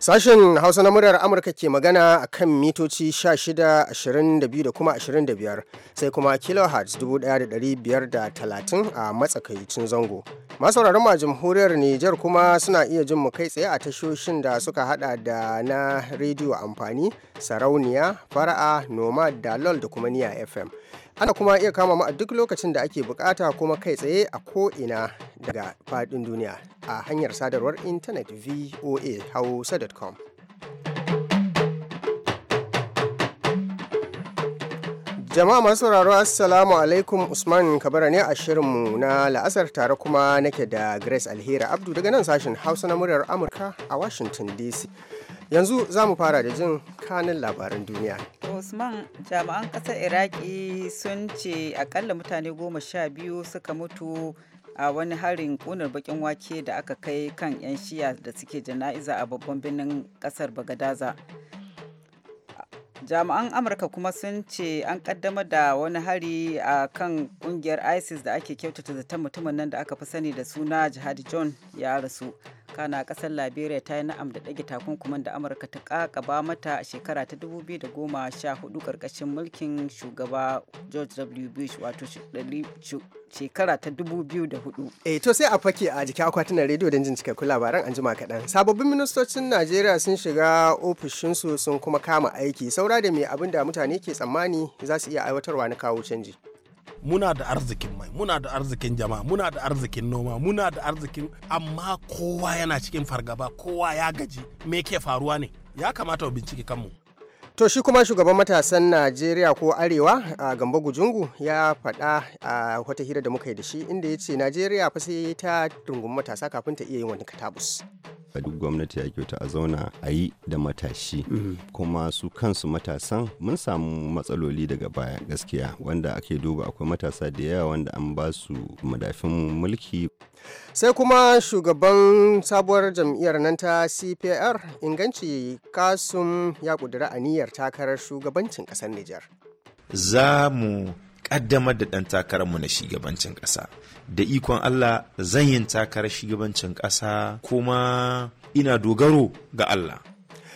Sashen Hausa na muryar Amurka ke magana a kan mitoci 16, 22 da kuma 25 sai kuma kilohertz 1530 a matsakaicin zango. Masauraran ma jamhuriyar Nijar kuma suna iya jin mu kai tsaye a tashoshin da suka hada da na rediyo amfani, sarauniya, fara'a, noma dalol da kuma niya FM. Ana kuma iya kama mu a duk lokacin da ake bukata kuma kai tsaye a ko'ina daga faɗin duniya a hanyar sadarwar intanet voa hausa.com. Jama'a masu sauraro Assalamu alaikum Usman Kabara ne a shirinmu na la'asar tare kuma nake da Grace Alheri Abdu daga nan sashen Hausa na muryar Amurka a Washington DC. yanzu za mu fara da jin kanin labaran duniya usman jami'an ƙasar iraki sun ce akalla mutane goma sha biyu suka mutu a wani harin ƙunar bakin wake da aka kai kan 'yan shiya da suke jana'iza a babban birnin ƙasar bagadaza jami'an amurka kuma sun ce an kaddamar da wani hari a kan kungiyar isis da ake kyautata zaton mutumin nan da aka fi sani da suna jihadi john ya rasu kana kasar liberia ta yi na'am da ɗage takunkuman da amurka ta kakaba mata a shekara ta 2014 karkashin mulkin shugaba george w bush wato shekara ta 2004 eh to sai a fake a jiki akwatunan rediyo don jin cikakkun labaran an jima kaɗan sababbin ministocin najeriya sun shiga ofishinsu sun kuma kama aiki saura da mai abin da mutane ke tsammani za su iya aiwatarwa na kawo canji muna da arzikin mai muna da arzikin jama'a muna da arzikin noma muna da arzikin amma kowa yana cikin fargaba kowa ya gaji me ke faruwa ne ya kamata mu bincike kanmu To shi kuma shugaban matasan Najeriya ko Arewa a Gambo Gujungu ya faɗa a wata hira da muka yi da shi inda ya ce Najeriya fa sai ta rungumi matasa kafin ta iya yin wani katabus. a duk gwamnati ya kyauta a zauna a yi da matashi mm-hmm. kuma su kansu matasan mun samu matsaloli daga baya gaskiya wanda ake duba akwai matasa da yawa wanda an ba su madafin mulki sai kuma shugaban sabuwar jam'iyyar nan ta cpr inganci kasum ya kudura aniyar takarar shugabancin kasar nijar za mu kaddamar da ɗan takararmu na shugabancin ƙasa da ikon allah zan yi takarar shugabancin ƙasa kuma ina dogaro ga allah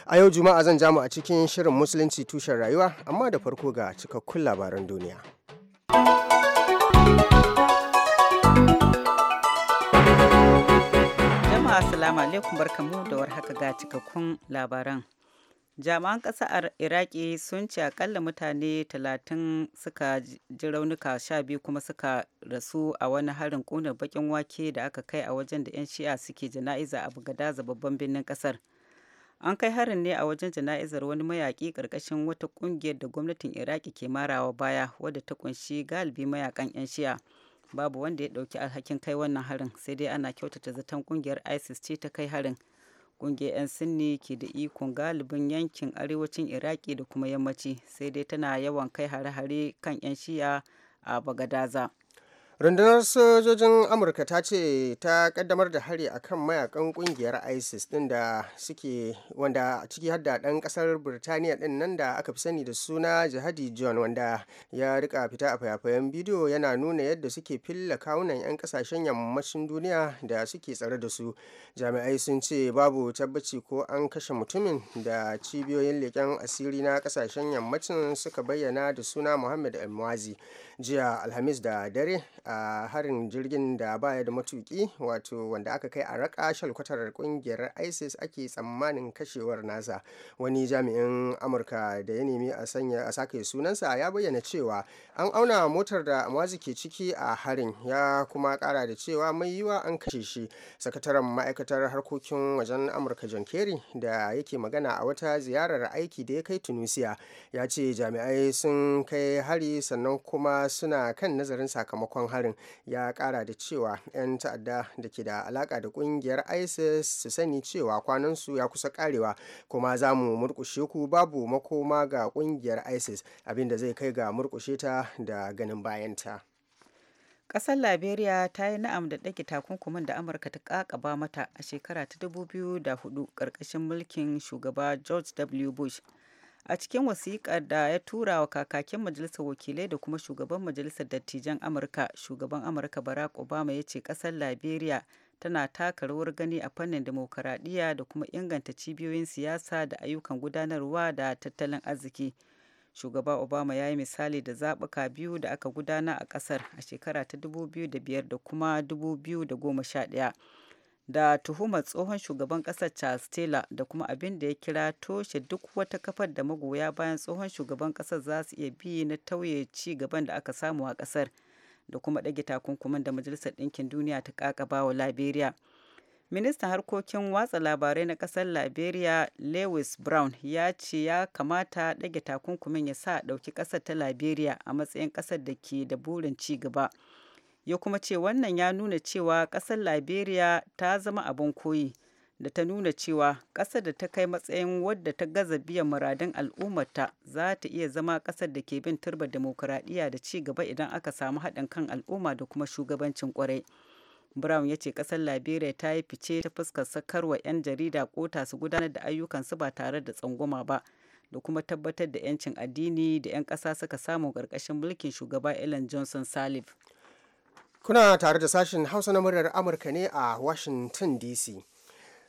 a yau juma'a zan jamu a cikin shirin musulunci tushen rayuwa amma da farko ga cikakkun labaran duniya. jama'a assalamu alaikum barkamu da warhaka ga cikakkun labaran jami'an kasar iraki sun ce akalla mutane 30 suka ji raunuka 12 kuma suka rasu a wani harin kuna bakin wake da aka kai a wajen da 'yan shi'a suke jana'iza a bagadaza babban birnin ƙasar an kai harin ne a wajen jana'izar wani mayaƙi ƙarƙashin wata ƙungiyar da gwamnatin iraki ke marawa baya wadda ta ƙunshi galibi mayakan 'yan shi'a babu wanda ya dauki alhakin kai wannan harin sai dai ana kyautata zaton kungiyar isis ce ta kai harin kungiyar 'yan sinni ke da ikon galibin yankin arewacin iraki da kuma yammaci sai dai tana yawan kai hare-hare kan 'yan shiya a bagadaza rundunar sojojin amurka ta ce ta kaddamar da hari a kan mayakan kungiyar isis din da suke wanda ciki hadda dan kasar birtaniya din nan da aka fi sani da suna jihadi john wanda ya rika fita a fayafayen bidiyo yana nuna yadda suke filla kawunan 'yan kasashen yammacin duniya da suke tsare da su jami'ai sun ce babu tabbaci ko an kashe mutumin da cibiyoyin leƙen asiri na kasashen yammacin suka bayyana da suna muhammad almazi jiya alhamis da dare a harin jirgin da baya da matuki wato wanda aka kai a raka shalkwatar kungiyar isis ake tsammanin kashewar nasa wani jami'in amurka da ya nemi a sanya sake sunansa ya bayyana cewa an auna motar da amazi ke ciki a harin ya kuma kara da cewa mai yiwa an kashe shi sakataren ma'aikatar harkokin wajen amurka john kerry da yake magana a wata ziyarar aiki da ya kai tunisia ya ce jami'ai sun kai hari sannan kuma kuma suna kan nazarin sakamakon harin ya kara da cewa 'yan ta'adda da ke da alaka da kungiyar isis su sani cewa kwanan su ya kusa karewa kuma za mu murkushe ku babu makoma ga kungiyar isis abinda zai kai ga murkushe ta da ganin bayanta Ƙasar Liberia ta yi na'am da ɗage takunkumin da Amurka ta ƙaƙaba mata a shekara ta 2004 ƙarƙashin mulkin shugaba George W. Bush. a cikin wasiƙar da ya tura wa kakakin majalisar wakilai da kuma shugaban majalisar dattijan amurka shugaban amurka barack obama ya ce ƙasar liberia tana taka rawar gani a fannin demokaradiyya da kuma inganta cibiyoyin siyasa da ayyukan gudanarwa da tattalin arziki shugaba obama ya yi misali da zaɓuka biyu da aka gudana a ƙasar a shekara ta 2005 da kuma 2011 da tuhumar tsohon shugaban kasar charles taylor da kuma abin da ya kira toshe duk wata kafar da magoya bayan tsohon shugaban kasar za su iya bi na tauye ci gaban da aka samu a kasar da kuma ɗage takunkumin da majalisar ɗinkin duniya ta bawa liberia ministan harkokin watsa labarai na kasar liberia lewis brown ya ce ya kamata ɗage takunkumin ya sa ɗauki ƙasar ta liberia a matsayin ƙasar da ke da burin ci gaba ya kuma ce wannan ya nuna cewa ƙasar liberia ta zama abin koyi da ta nuna cewa ƙasar da ta kai matsayin wadda ta gaza biyan muradun al'ummarta za ta iya zama ƙasar da ke bin turbar demokuraɗiyya da ci gaba idan aka samu haɗin kan al'umma da kuma shugabancin kwarai brown ya ce ƙasar liberia ta yi fice ta fuskar sakarwa 'yan jarida kota su gudanar da ayyukansu ba tare da tsangwama ba da kuma tabbatar da 'yancin addini da 'yan ƙasa suka samu ƙarƙashin mulkin shugaba ellen johnson salif Kuna tare da sashen Hausa na muryar Amurka ne a Washington DC.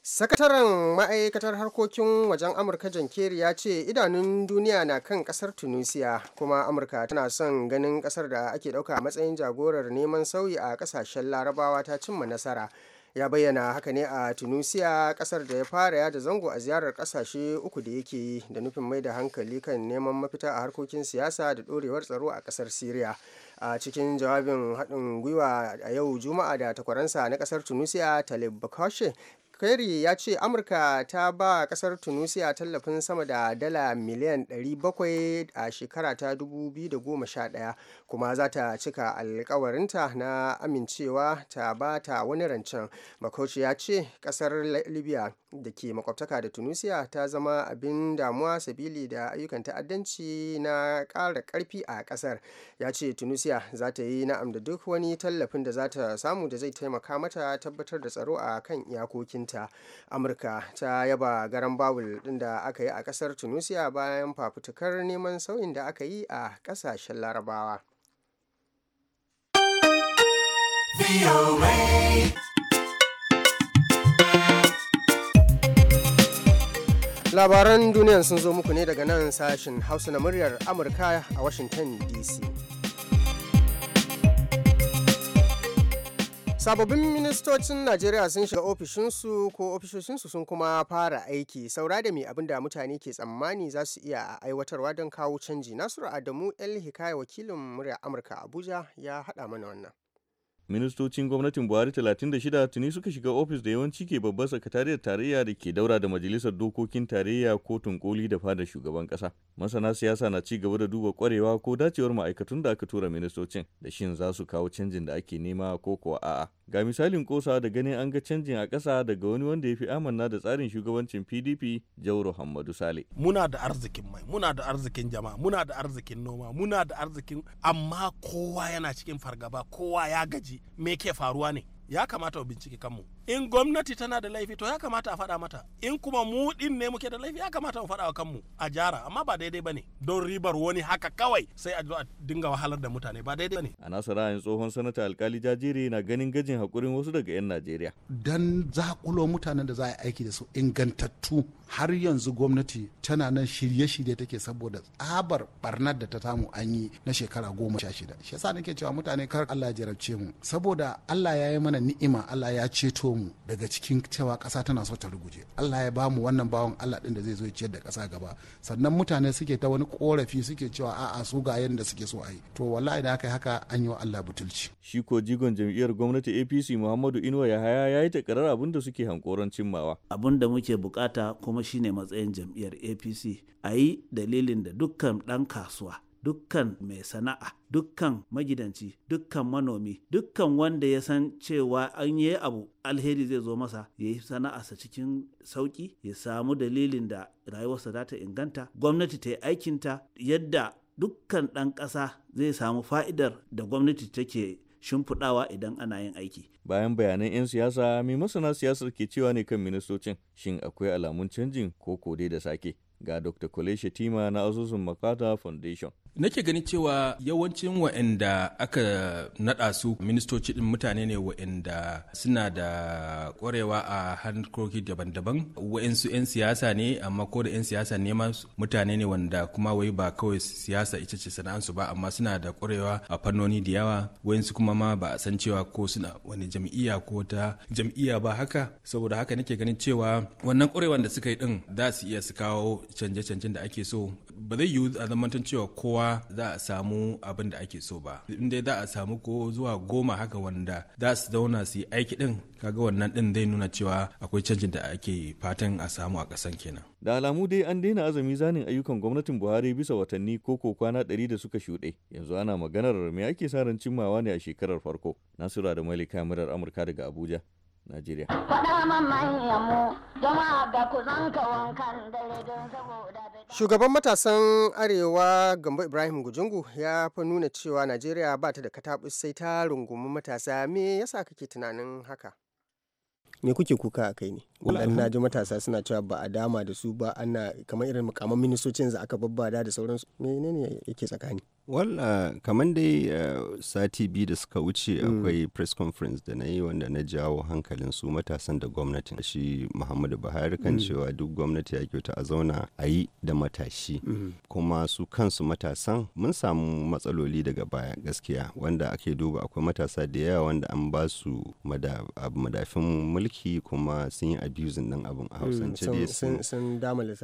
Sakataren ma'aikatar harkokin wajen Amurka John Kerry ya ce idanun duniya na kan kasar Tunisia kuma Amurka tana son ganin kasar da ake ɗauka a matsayin jagorar neman sauyi a ƙasashen larabawa ta cimma nasara. ya bayyana haka ne a tunisia kasar da ya fara yada zango a ziyarar kasashe uku da yake yi da nufin mai da hankali kan neman mafita a harkokin siyasa da dorewar tsaro a kasar syria a cikin jawabin haɗin gwiwa a yau juma'a da takwaransa na kasar tunisia talib bakashe Kerry ya ce Amurka ta ba kasar Tunisia tallafin sama da dala miliyan 700 a shekara ta 2011 kuma za ta cika alkawarinta na amincewa ta ba ta wani rancen. Makauci ya ce kasar Libya da ke makwabtaka da Tunisia ta zama abin damuwa sabili da ayyukan ta'addanci na ƙara ƙarfi a kasar. Ya ce Tunisia za ta yi na'am da duk wani tallafin da za ta samu da zai taimaka mata tabbatar da tsaro a kan iyakokin ta amurka ta yaba garan babul din da aka yi a kasar tunisia bayan fafutukar neman sauyin da aka yi a kasashen larabawa labaran duniya sun zo muku ne daga nan sashen hausa na muryar amurka a washington dc Sababbin ministocin Najeriya sun shiga ofishinsu ko ofishoshinsu sun kuma fara aiki saura da mai abin da mutane ke tsammani za su iya aiwatarwa don kawo canji. Nasiru Adamu El Hikaya wakilin murya Amurka Abuja ya haɗa mana wannan. ministocin gwamnatin buhari 36 tuni suka shiga ofis da yawanci ke babbar sakatariyar tarayya da ke daura da majalisar dokokin tarayya kotun koli da fada shugaban kasa masana siyasa na ci gaba da duba kwarewa ko dacewar ma'aikatun da aka tura ministocin da shin za su kawo canjin da ake nema ko kuwa a'a Ga misalin kosa da ganin an ga canjin a ƙasa daga wani wanda ya fi amanna da tsarin shugabancin PDP Jauro Hammadu Sale. Muna da arzikin mai, muna da arzikin jama'a, muna da arzikin noma, muna da arzikin amma kowa yana cikin fargaba, kowa ya gaji, me ke faruwa ne? Ya kamata mu bincike kanmu. in gwamnati tana da laifi to ya kamata a faɗa mata in kuma mu din ne muke da laifi ya kamata mu faɗa wa kanmu a jara amma ba daidai bane don ribar wani haka kawai sai a zo a dinga wahalar da mutane ba daidai bane a nasa ra'ayin tsohon sanata alkali jajiri na ganin gajin hakurin wasu daga yan Najeriya dan zakulo mutanen da za a aiki da su ingantattu har yanzu gwamnati tana nan shirye-shirye take saboda tsabar barnar da ta samu an yi na shekara goma sha shida shi yasa nake cewa mutane kar Allah ya jarabce mu saboda Allah ya yi mana ni'ima Allah ya ceto mu daga cikin cewa kasa tana so ta ruguje allah ya bamu wannan bawan allah din da zai zo ciyar da kasa gaba sannan mutane suke ta wani korafi suke cewa a'a su ga yadda suke so a to wallahi da aka yi haka an yi wa allah butulci shi ko jigon jam'iyyar gwamnati apc muhammadu inuwa yahaya ya yi takarar abin da suke hankoron cimmawa abin da muke bukata kuma shine matsayin jam'iyyar apc a yi dalilin da dukkan dan kasuwa dukkan mai sana'a dukkan magidanci dukkan manomi dukkan wanda ya san cewa an yi abu alheri zai zo masa ya yi sana'arsa cikin sauki ya samu dalilin da rayuwarsa za ta inganta gwamnati ta yi aikinta yadda dukkan ɗan ƙasa zai samu fa'idar da gwamnati take shimfiɗawa idan ana yin aiki. Bayan bayanan 'yan siyasa, mai masana siyasar ke cewa ne kan ministocin, shin akwai alamun canjin ko kodai da sake? Ga Dr. Kole Shetima na asusun Makata Foundation. nake ganin cewa yawancin wa'anda aka nada su ministoci din mutane ne wa'anda suna da kwarewa a harkoki daban-daban wa'ansu 'yan siyasa ne amma ko da 'yan siyasa ne ma mutane ne wanda kuma wai ba kawai siyasa ita ce sana'ansu ba amma suna da kwarewa a fannoni da yawa wa'ansu kuma ma ba a san cewa ko suna wani jam'iyya ko ta jam'iyya ba haka saboda haka nake ganin cewa wannan kwarewan da suka yi din za su iya su kawo canje-canjen da ake so ba zai yiwu a zamantan cewa kowa za a samu abin da ake so ba inda za a samu ko zuwa goma haka wanda za su zauna su yi aiki din kaga wannan din zai nuna cewa akwai canjin da ake fatan a samu a kasan kenan da alamu dai an daina azumi zanin ayyukan gwamnatin buhari bisa watanni ko ko kwana ɗari da suka shuɗe yanzu ana maganar me ake sa ran cimmawa ne a shekarar farko nasura da malika murar amurka daga abuja Najeriya. Faɗa da Shugaban matasan Arewa Gambo Ibrahim Gujungu ya fa nuna cewa Najeriya ba ta da katabu sai ta rungumi matasa me yasa kake tunanin haka? Me kuke kuka a kai ne? Wadan na ji matasa suna cewa ba a dama da su ba ana kamar irin mukamman ministocin za aka babbada da sauransu menene yake tsakani? Well, kamar dai eh, sati biyu da suka wuce hmm. akwai press conference da na yi wanda na jawo hankalin su matasan da gwamnati. gwamnatin shi Muhammadu Buhari kan hmm. cewa duk gwamnati ya kyauta a zauna a yi da matashi. Hmm. Kuma su kansu matasan mun samu matsaloli daga baya gaskiya wanda ake duba akwai matasa da yawa wanda an ba su madafin mulki kuma sun yi abusing din abin a hausance dai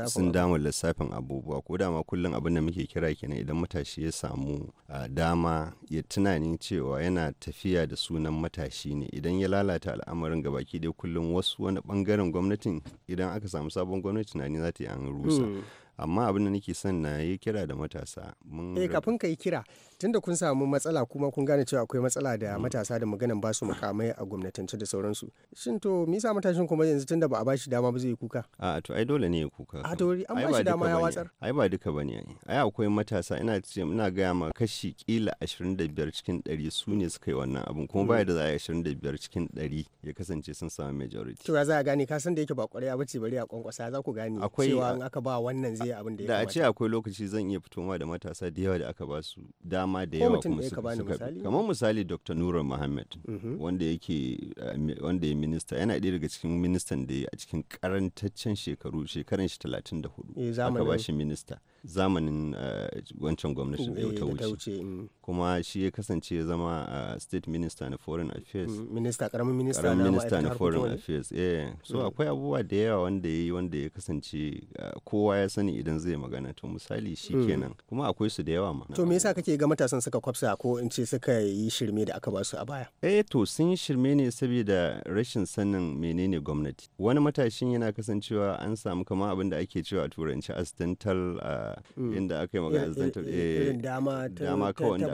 sun dama lissafin abubuwa ko dama kullum abin da muke kira kenan idan matashi ya samu dama ya tunani cewa yana tafiya da sunan matashi ne idan ya lalata al'amarin ga baki dai kullum wasu wani bangaren gwamnatin idan aka samu sabon gwamnati tunani za ta yi an rusa hmm. amma abin da nake son na yi kira da matasa mun eh kafin ka yi kira tunda kun samu matsala kuma kun gane cewa akwai matsala da mm. matasa da maganan ba su mukamai a gwamnatance da sauransu shin to me yasa matashin kuma yanzu tunda ba a bashi dama ba zai kuka a to ai dole ne ya kuka a ah, to an bashi dama ya watsar ai ba duka bane ai akwai matasa ina ce ina gaya ma kashi kila 25 cikin 100 su ne suka yi wannan abin kuma baya mm. da za a 25 cikin 100 ya kasance sun samu majority to ya za a gane ka san da yake ba kwarewa ba ce bari a kwankwasa za ku gane cewa in aka ba wannan zai yi abin da ya kamata da a ce akwai lokaci zan iya fitowa da matasa da yawa da aka ba su dama da yawa kuma su kamar misali Dr. Nura Muhammad mhm. wanda yake eh, wanda ya minista yana ɗaya daga cikin ministan da ya a cikin karantaccen shekaru shekaran shi talatin da hudu eh, aka ba shi minista zamanin eh, wancan gwamnatin da ta eh, wuce mm. kuma shi ya kasance ya zama a eh, state minister na foreign affairs mm, karamin na foreign affairs eh so mm. akwai abubuwa da yawa wanda ya yi wanda ya kasance kowa ya sani idan zai magana to misali shi kenan kuma akwai su da yawa ma to me yasa kake ga matasan suka kwafsa ko in ce suka yi shirme da aka ba su a baya eh to sun yi shirme ne saboda rashin sanin menene gwamnati wani matashin yana kasancewa an samu kamar abin da ake cewa a turanci accidental uh, da mm. inda aka yi magana zantar eh, dama kawai ta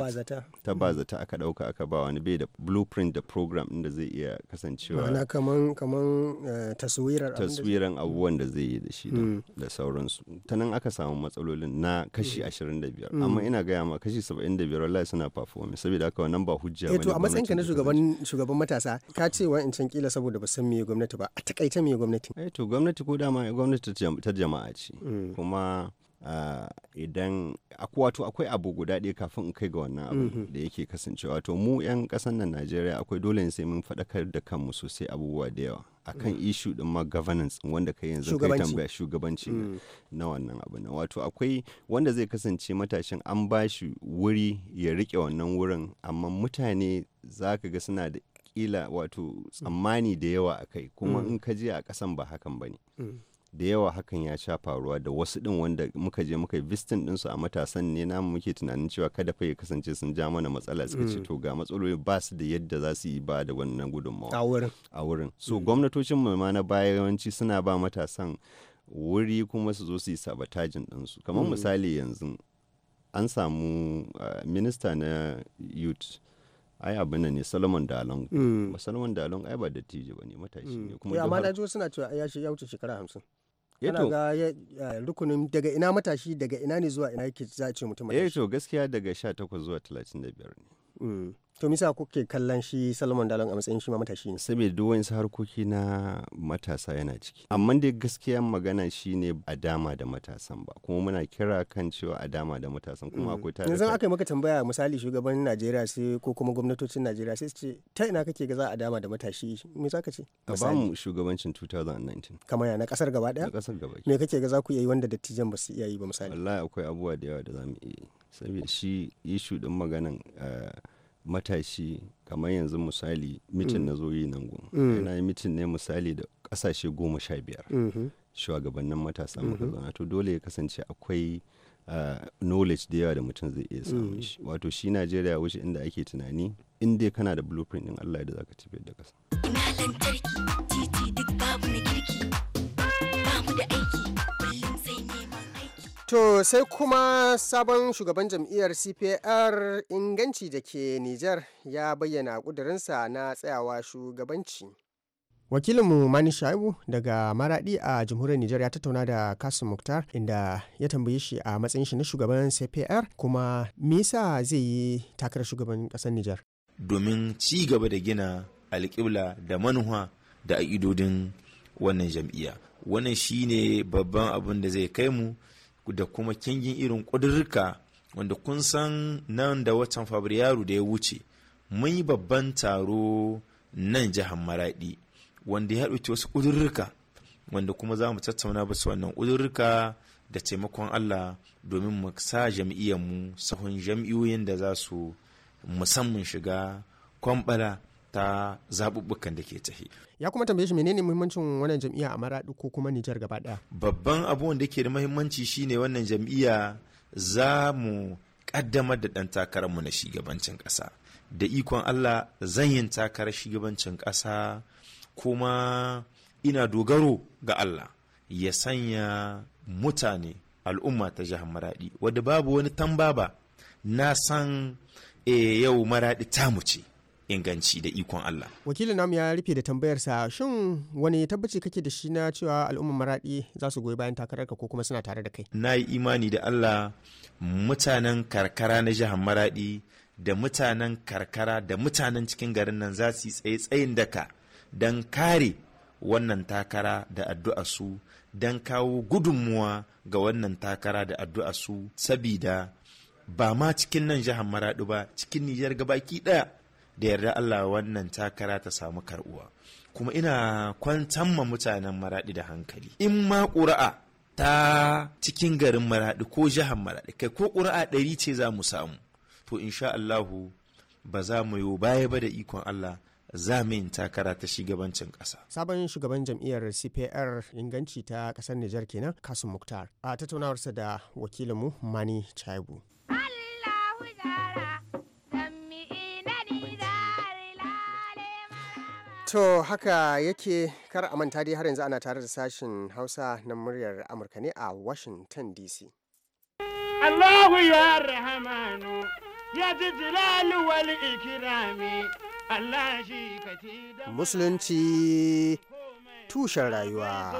bazata mm. aka dauka aka ba wani bai da blueprint da program inda zai iya kasancewa ma'ana kaman kaman eh, taswirar taswirar abubuwan da zai yi da shi mm. da sauransu ta nan aka samu matsalolin na kashi 25 amma ina gaya ma kashi 75 wallahi suna performing saboda haka wannan ba hujja eh, bane to a ka na shugaban shugaban matasa ka ce wa in can kila saboda ba san me gwamnati ba a takaice me gwamnati eh to gwamnati ko dama gwamnati ta jama'a ce kuma Ah, idan wato akwai abu guda ɗaya kafin in kai ga wannan abu mm-hmm. da yake kasancewa to mu 'yan kasan nan najeriya akwai dole ne sai mun faɗakar da kanmu sosai abubuwa da yawa akan mm. issue din ma governance wanda kai yanzu kai tambaya shugabanci na mm. wannan abu wato akwai wanda zai kasance matashin an ba shi wuri ya rike wannan wurin amma mutane za ka ga suna da kila wato mm. tsammani da yawa a kai kuma mm. in ka je a kasan ba hakan ba ne da yawa hakan ya sha faruwa da wasu din wanda muka je muka vistin din su a matasan ne namu muke tunanin cewa kada fa ya kasance sun ja mana matsala suka ce mm. to ga matsaloli ba su da yadda za su yi ba da wannan gudunmawa a wurin a wurin so mm. gwamnatocin mu ma na baya yawanci suna ba matasan wuri kuma su zo su yi sabatajin din su kamar mm. misali yanzu an samu eh, minista na youth ai abin ne solomon dalong ba solomon dalong ai ba dattijo ba ne matashi ne kuma amma na suna cewa ya wuce shekara hamsin yato eh ga eh, rukunin daga ina matashi daga ina ne zuwa ina yake za a ce mutum eh matashi eh gaskiya daga 18 zuwa 35 ne mm. to misa kuke kallon shi salomon dalon a matsayin shi ma matashi ne saboda duk wani harkoki na matasa yana ciki amma dai gaskiya magana shine a dama da matasan ba kuma muna kira kan cewa a dama da matasan kuma akwai mm. tare yanzu aka yi maka tambaya misali shugaban Najeriya sai ko kuma gwamnatocin Najeriya sai ce ta ina kake ga za a dama da matashi me za ka ce a ba mu shugabancin 2019 kamar yana na kasar gaba daya kasar gaba me kake ga za ku yi wanda dattijan ba su iya yi ba misali wallahi akwai abubuwa da yawa da za mu iya yi saboda shi ishu din maganan uh, matashi kamar yanzu misali mitin mm. na zo yi nan goma mm. na yi mitin ne misali da kasashe goma sha biyar mm-hmm. shugabannin matasa muka mm-hmm. zauna to dole ya kasance akwai ah, knowledge da yawa da mutum zai iya samun mm. shi wato shi najeriya wuce inda ake tunani in dai kana da blueprint din allah da zaka tafiyar da kasa To sai kuma sabon shugaban jam'iyyar CPR inganci da ke Nijar ya bayyana ƙudurinsa na tsayawa shugabanci. Wakilinmu Mani Shaibu daga Maradi a Jamhuriyar Nijar ya tattauna da Kasim Muktar inda ya tambaye shi a matsayin shi na shugaban CPR kuma misa zai yi takarar shugaban ƙasar Nijar. Domin ci gaba da gina alƙibla da manuwa da a'idodin wannan jam'iyya. Wannan shine babban abin da zai kai mu da kuma kingin irin ƙudurruka wanda kun san nan da watan fabrairu da ya wuce mun yi babban taro nan jihar maraɗi wanda ya haɗuki wasu ƙudurruka wanda kuma za mu tattauna basu wannan ƙudurruka da taimakon Allah domin mu sa mu sahun jam'iyyoyin da za su musamman shiga kwambala ta zaɓuɓɓukan da ke tafi. ya kuma tambaye shi menene muhimmancin wannan jam'iyya a maradi ko kuma Nijar gaba daya babban abubuwan da ke da muhimmanci shine wannan jam'iyya za mu kaddamar da dan takararmu na shugabancin kasa da ikon Allah zan yin takarar shugabancin kasa kuma ina dogaro ga Allah ya sanya mutane al'umma ta jihar maradi wadda babu wani tambaba na san e, yau maradi tamu ce inganci da ikon Allah. Wakilin namu ya rufe da tambayarsa shin wani tabbaci kake da shi na cewa al'ummar maraɗi za su goyi bayan takararka ko kuma suna tare da kai? Na yi imani da Allah mutanen karkara na jihar maraɗi da mutanen karkara da mutanen cikin garin nan za su yi tsaye tsayin daka don kare wannan takara da addu'a su don kawo gudunmuwa ga wannan takara da addu'a su sabida ba ma cikin nan jihar maraɗi ba cikin nijar gabaki ɗaya da yarda Allah wannan takara ta samu karbuwa kuma ina kwantan ma mutanen maraɗi da hankali in ma ƙura'a ta cikin garin maraɗi ko jihar maraɗi kai ko ƙura'a ɗari ce za mu samu to insha Allahu ba za mu yi baya ba da ikon Allah zamin takara ta shugabancin ƙasa. Sabon shugaban jam'iyyar CPR inganci ta ƙasar Nijar kenan Kasim Muktar a tattaunawarsa da wakilinmu Mani Chaibu. Allahu To haka yake kar a manta dai har yanzu ana tare da sashen Hausa na muryar Amurka ne a Washington DC. Allahu ya rahamanu ya ji jilalu wal ikirami Allah shi ka Musulunci tushen rayuwa.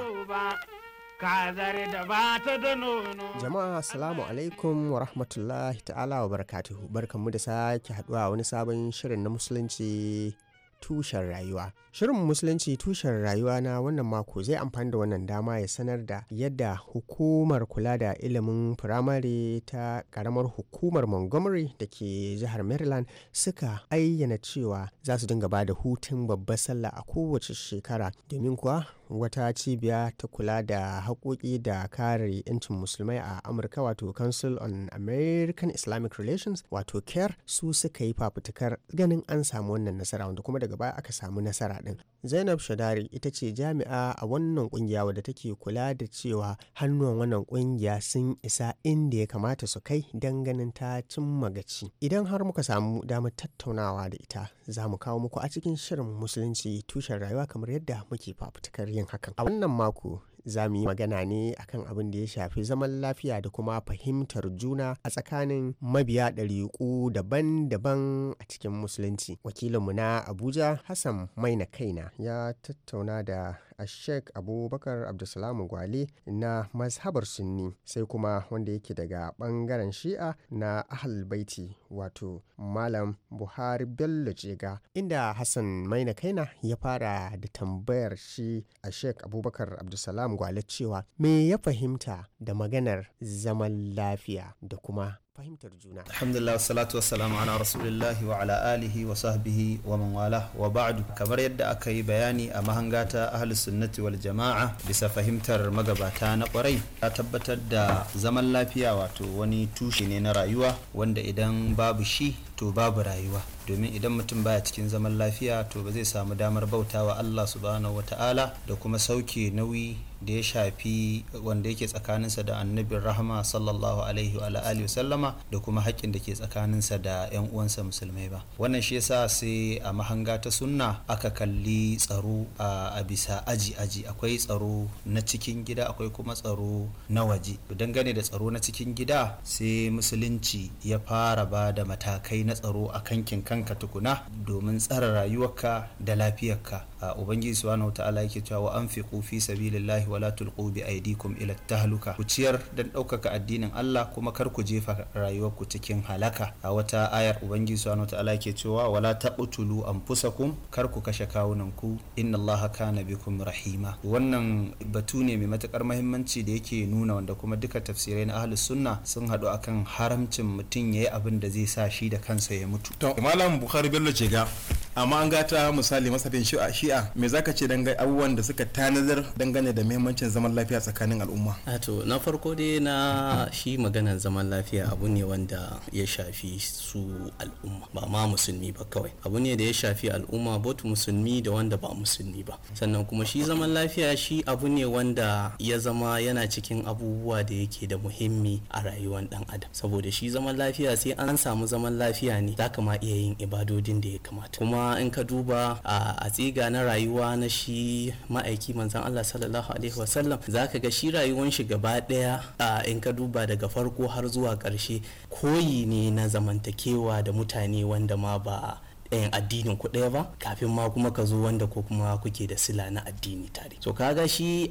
Jama'a assalamu alaikum wa rahmatullahi ta'ala wa barakatuhu barkanmu da sake haduwa wani sabon shirin na musulunci tushen rayuwa. Shirin Musulunci tushen rayuwa na wannan mako zai amfani da wannan dama ya sanar da yadda hukumar kula da ilimin firamare ta karamar hukumar Montgomery da ke jihar Maryland suka ayyana cewa za su dinga ba da hutun babbar sallah a kowace shekara domin kuwa wata cibiya ta kula da haƙoƙi da kare 'yancin musulmai a amurka wato council on american islamic relations wato care su suka yi fafutukar ganin an samu wannan nasara wanda kuma daga baya aka samu nasara din zainab shadari ita ce jami'a a wannan kungiya wadda take kula da cewa hannuwan wannan kungiya sun isa inda ya kamata su kai don ganin ta cimma gaci idan har muka samu damar tattaunawa da ita za mu kawo muku a cikin shirin musulunci tushen rayuwa kamar yadda muke fafutukar yin hakan a wannan mako za mu yi magana ne akan abin da ya shafi zaman lafiya da kuma fahimtar juna a tsakanin mabiya ɗariƙu daban-daban a cikin musulunci wakilinmu na abuja hassan maina kaina ya tattauna da a Sheikh Abubakar Abdulsalam Gwale na mazhabar Sunni sai kuma wanda yake daga bangaren Shi'a na Ahlul Baiti wato Malam Buhari Bello Jega inda Hassan Maina Kaina ya fara da tambayar shi a Sheikh Abubakar Abdulsalam Gwale cewa me ya fahimta da maganar zaman lafiya da kuma fahimtar juna alhamdulillah salatu salamu ala rasulillahi wa ala alihi wa sahbihi wa man wala wa ba'du kamar yadda aka yi bayani a mahanga ta ahli sunnati wal jama'a bisa fahimtar magabata na kwarai ta tabbatar da zaman lafiya wato wani tushe ne na rayuwa wanda idan babu shi to babu rayuwa domin idan mutum baya cikin zaman lafiya to ba zai samu damar bautawa Allah subhanahu ta'ala da kuma sauke nauyi da ya shafi wanda yake tsakaninsa da annabin rahama sallallahu alaihi wa alihi sallama da kuma haƙƙin da ke tsakaninsa da 'yan uwansa musulmai ba wannan shi yasa sai a mahanga ta sunna aka kalli tsaro a bisa aji aji akwai tsaro na cikin gida akwai kuma tsaro na waje dangane da tsaro na cikin gida sai musulunci ya fara ba da matakai na tsaro a kankin kanka tukuna domin tsara rayuwarka da lafiyarka Uh, ubangiji subhanahu ta'ala yake cewa wa anfiqu fi sabilillahi wala tulqu bi aydikum ila tahluka ku ciyar dan ɗaukaka addinin Allah kuma kar ku jefa ku cikin halaka a wata ayar ubangiji subhanahu ta'ala yake cewa wala taqtulu anfusakum kar ku kashe kawunan ku kawunanku innallaha kana bikum rahima wannan batu ne mai matukar muhimmanci da yake nuna wanda kuma duka tafsirai na ahlus sunna sun haɗu akan haramcin mutum yayi abin da zai sa shi da kansa ya mutu to malam bukhari bello ce ga amma an gata misali masafin shi NCR me ka ce dangane abubuwan da suka tanadar dangane da mahimmancin zaman lafiya tsakanin al'umma? Ato na farko dai na shi maganar zaman lafiya abu ne wanda ya shafi su al'umma ba ma musulmi ba kawai abu ne da ya shafi al'umma both musulmi da wanda ba musulmi ba sannan kuma shi zaman lafiya shi abu ne wanda ya zama yana cikin abubuwa da yake da muhimmi a rayuwar dan adam saboda shi zaman lafiya sai an samu zaman lafiya ne ka ma iya yin ibadodin da ya kamata kuma in ka duba a tsiga na na rayuwa na shi ma'aiki manzan Allah sallallahu alaihi wasallam ka ga shi rayuwan shi gaba daya a in ka duba daga farko har zuwa karshe koyi ne na zamantakewa da mutane wanda ma ba yan addinin ku ɗaya ba kafin ma kuma ka zo wanda ko kuma kuke da sila na addini tare to ka ga shi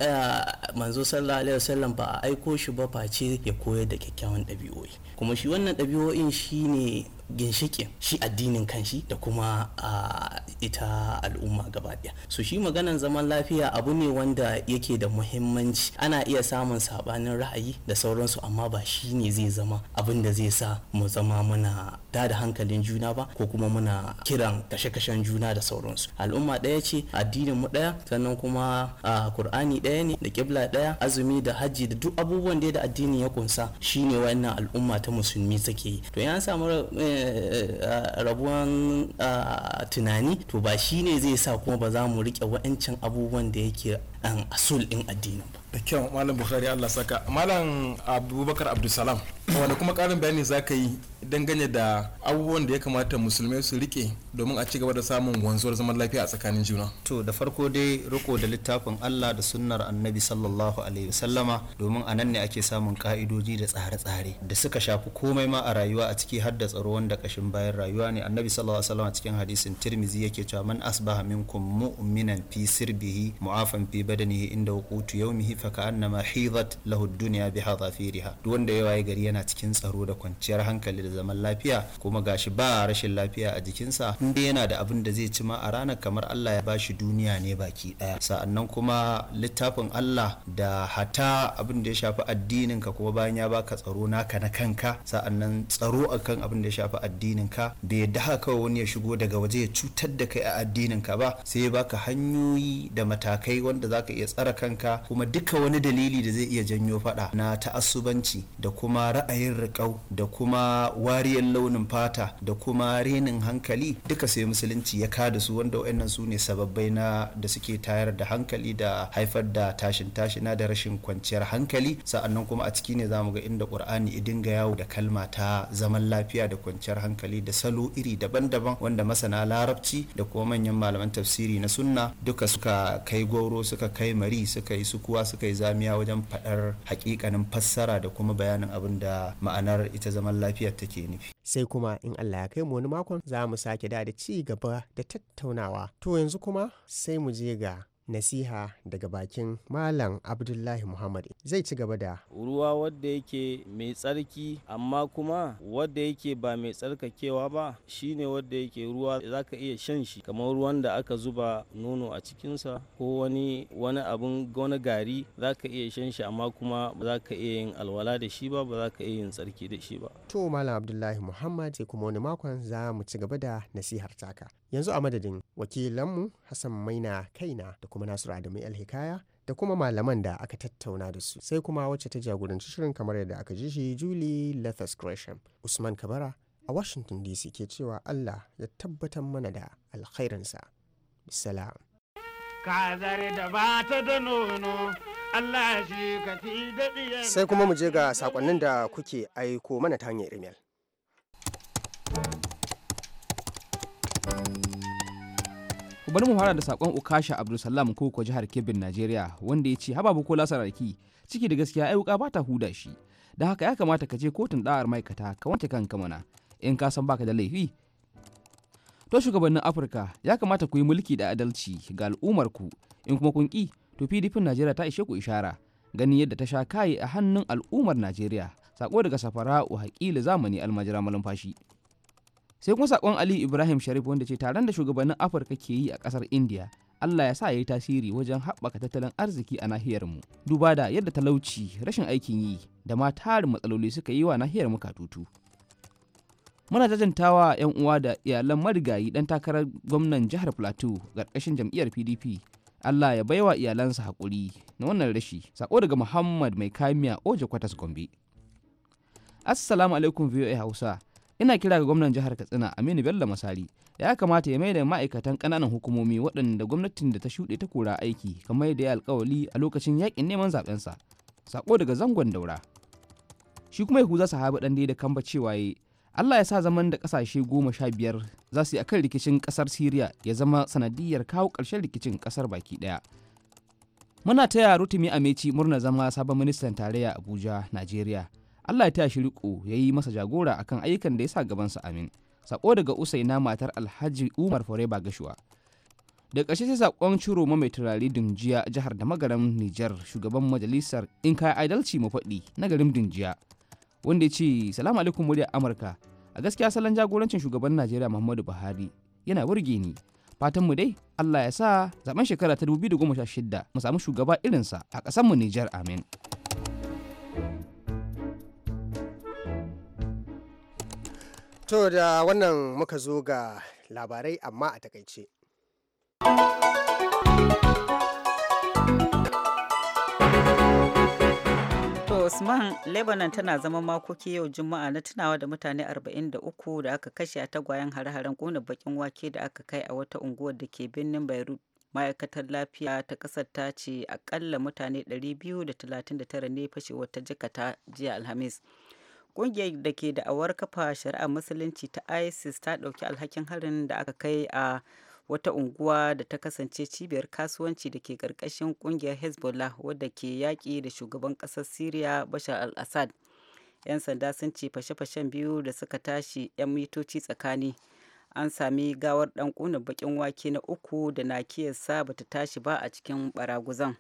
manzo sallallahu alaihi wasallam ba a aiko shi ba face ya koyar da kyakkyawan ɗabi'o'i kuma shi wannan ɗabi'o'in shine ginshikin shi addinin kanshi da kuma ita al'umma gaba ɗaya su shi maganan zaman lafiya abu ne wanda yake da muhimmanci ana iya samun sabanin ra'ayi da sauransu amma ba shi ne zai zama abin da zai sa mu zama muna da da hankalin juna ba ko kuma muna kiran kashe-kashen juna da sauransu al'umma ɗaya ce addinin mu ɗaya sannan kuma ƙur'ani ɗaya ne da kibla ɗaya azumi da hajji da duk abubuwan da addini ya kunsa ne wannan al'umma ta musulmi take yi to ya samu eh, Eh, eh, rabuwan ah, tunani to ba shi ne zai sa kuma ba za mu rike wa'ancan abubuwan da yake asul din addinin ba da kyau malam bukhari allah saka malam abubakar abdulsalam wanda kuma karin bayani za ka yi dangane da abubuwan da ya kamata musulmai su rike domin a ci gaba da samun wanzuwar zaman lafiya a tsakanin juna to da farko dai riko da littafin allah da sunnar annabi sallallahu alaihi wasallama domin a nan ne ake samun ka'idoji da tsare-tsare da suka shafi komai ma a rayuwa a ciki har da tsaro wanda kashin bayan rayuwa ne annabi sallallahu alaihi wasallama cikin hadisin tirmizi yake cewa man asbaha minkum mu'minan fi sirbihi mu'afan fi badanihi inda wuqutu yawmihi fa ka'annama hidat lahu ad-dunya bi hadafiriha duk wanda ya waye gari yana cikin tsaro da kwanciyar hankali da zaman lafiya kuma gashi ba rashin lafiya a jikinsa inda yana da abin da zai ci ma a ranar kamar Allah ya bashi duniya ne baki daya sa'annan kuma littafin Allah da hata abin da ya shafi addinin ka kuma bayan ya baka tsaro naka na kanka sa'annan tsaro akan abin da ya shafi addinin ka bai yadda haka kawai wani ya shigo daga waje ya cutar da kai a addinin ka ba sai ya baka hanyoyi da matakai wanda za za ka iya tsara kanka kuma duka wani dalili da zai iya janyo fada na ta'assubanci da kuma ra'ayin riƙau da kuma wariyar launin fata da kuma renin hankali duka sai musulunci ya kada su wanda wayannan su ne sababbai na da suke tayar da hankali da haifar da tashin tashi na da rashin kwanciyar hankali sa'annan kuma a ciki ne za mu ga inda qur'ani ya dinga yawo da kalma ta zaman lafiya da kwanciyar hankali da salo iri daban-daban wanda masana larabci da kuma manyan malaman tafsiri na sunna duka suka kai gwauro suka suka kai mari suka yi sukuwa suka yi zamiya wajen faɗar hakikanin fassara da kuma bayanin abin da ma'anar ita zaman lafiyar take nufi sai kuma in Allah ya kai mu wani makon za mu sake da ci gaba da tattaunawa to yanzu kuma sai mu je ga nasiha daga bakin Malam Abdullahi Muhammad zai ci gaba da ruwa wadda yake mai tsarki amma kuma wadda yake ba mai tsarkakewa ba shine wadda yake ruwa za ka iya shan shi kamar ruwan da aka zuba nono a cikinsa ko wani wani abun gona gari za ka iya shan shi amma kuma ba za ka iya yin alwala da shi ba ba za ka iya yin tsarki da shi ba to Malam Abdullahi Muhammad sai kuma wani makon za mu ci gaba da nasihar taka yanzu a madadin wakilanmu Hassan Maina kaina da kuma nasiru adamu el hikaya da kuma malaman da aka tattauna da su sai kuma wacce ta jagoranci shirin kamar yadda aka ji shi julie lathas gresham usman kabara a washington dc ke cewa allah ya tabbatar mana da alkhairinsa sala sai kuma mu je ga sakonnin da kuke aiko mana ta hanyar imel ku bari mu fara da sakon ukasha abdulsalam ko jihar kebbin najeriya wanda ya ce haba bukola sararki ciki da gaskiya ai wuka bata huda shi da haka ya kamata ka je kotun da'ar ma'aikata ka wanke kanka mana in ka san baka da laifi to shugabannin afirka ya kamata ku yi mulki da adalci ga al'ummar ku in kuma kun ki to pdp najeriya ta ishe ku ishara gani yadda ta sha kayi a hannun al'ummar najeriya sako daga safara'u haƙila zamani almajira malumfashi fashi sai kuma sakon ali ibrahim sharif wanda ce taron da shugabannin afirka ke yi a kasar india allah ya sa ya yi tasiri wajen haɓaka tattalin arziki a mu. duba da yadda talauci rashin aikin yi da ma tarin matsaloli suka yi wa nahiyar mu katutu muna jajantawa yan uwa da iyalan marigayi dan takarar gwamnan jihar plateau ƙarƙashin jam'iyyar pdp allah ya baiwa iyalansa haƙuri na wannan rashi sako daga muhammad mai kamiya oje kwatas gombe assalamu alaikum voa hausa ina kira ga gwamnan jihar katsina aminu bello masari ya kamata ya maida ma'aikatan ƙananan hukumomi waɗanda gwamnatin da ta shuɗe ta kora aiki kamar da ya alkawali a lokacin yakin neman zaɓensa sako daga zangon daura shi kuma yahuza sahabi ɗan da kamba cewa ya allah ya sa zaman da ƙasashe goma sha biyar za su yi akan rikicin ƙasar siriya ya zama sanadiyar kawo ƙarshen rikicin ƙasar baki ɗaya muna taya rutumi ameci murna zama sabon ministan tarayya abuja najeriya Allah ya shi riko ya yi masa jagora akan ayyukan da ya sa gabansa amin. Sako daga Usaina matar Alhaji Umar Foreba shuwa Da ƙarshe sai sakon Ciro ma mai turare Dunjiya jihar da magaran Nijar shugaban majalisar in kai adalci mu faɗi na garin Dunjiya. Wanda ya ce salamu alaikum murya Amurka a gaskiya salon jagorancin shugaban Najeriya Muhammadu Buhari yana burge ni. Fatan mu dai Allah ya sa zaben shekara ta 2016 mu samu shugaba irinsa a ƙasar mu Nijar amin. To da wannan muka zo ga labarai amma a takaice. To Usman, Lebanon tana zama makoki yau Juma'a na tunawa da mutane 43 da aka kashe a tagwayen hare-haren ƙona bakin wake da aka kai a wata unguwar da ke birnin Beirut. Ma'aikatar lafiya ta ƙasar ta ce akalla mutane 239 ne fashewar ta jikata jiya Alhamis. Ƙungiyar da ke da'awar kafa shari'ar musulunci ta ISIS ta ɗauki alhakin harin da aka kai a wata unguwa da ta kasance cibiyar kasuwanci da ke ƙarƙashin ƙungiyar Hezbollah wadda ke yaƙi da shugaban ƙasar Siriya Bashar al-Assad. 'Yan sanda sun ce fashe-fashen biyu da suka tashi 'yan mitoci tsakani. An sami gawar ɗan ƙunar baƙin wake na uku da na nakiyarsa bata tashi ba a cikin baraguzan.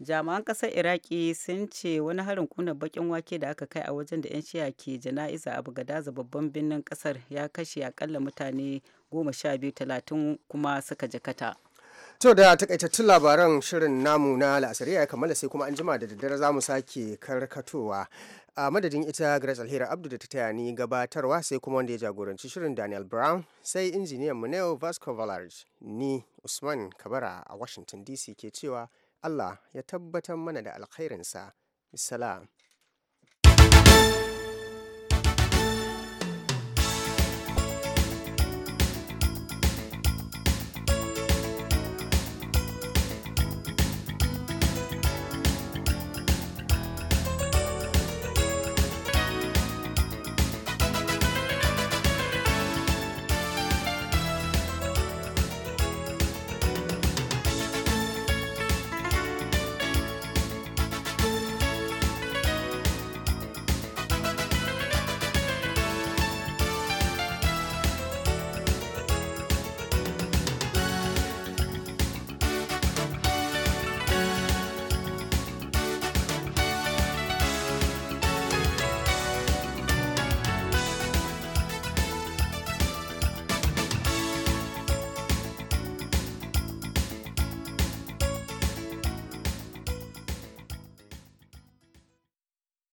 jami'an kasar iraki sun ce wani harin kuna bakin wake da aka kai a wajen da 'yan shiya ke jana'iza a bagadaza babban birnin kasar ya kashe akalla mutane goma sha biyu talatin kuma suka jakata To da takaitattun labaran shirin namu na la'asari ya kammala sai kuma an jima da daddare za mu sake karkatowa. A madadin ita Grace Alhira Abdu da ta taya ni gabatarwa sai kuma wanda ya jagoranci shirin Daniel Brown sai injiniyan mu Neo Vasco ni Usman Kabara a Washington DC ke cewa Allah ya tabbatar mana da alkhairinsa. Bisalam.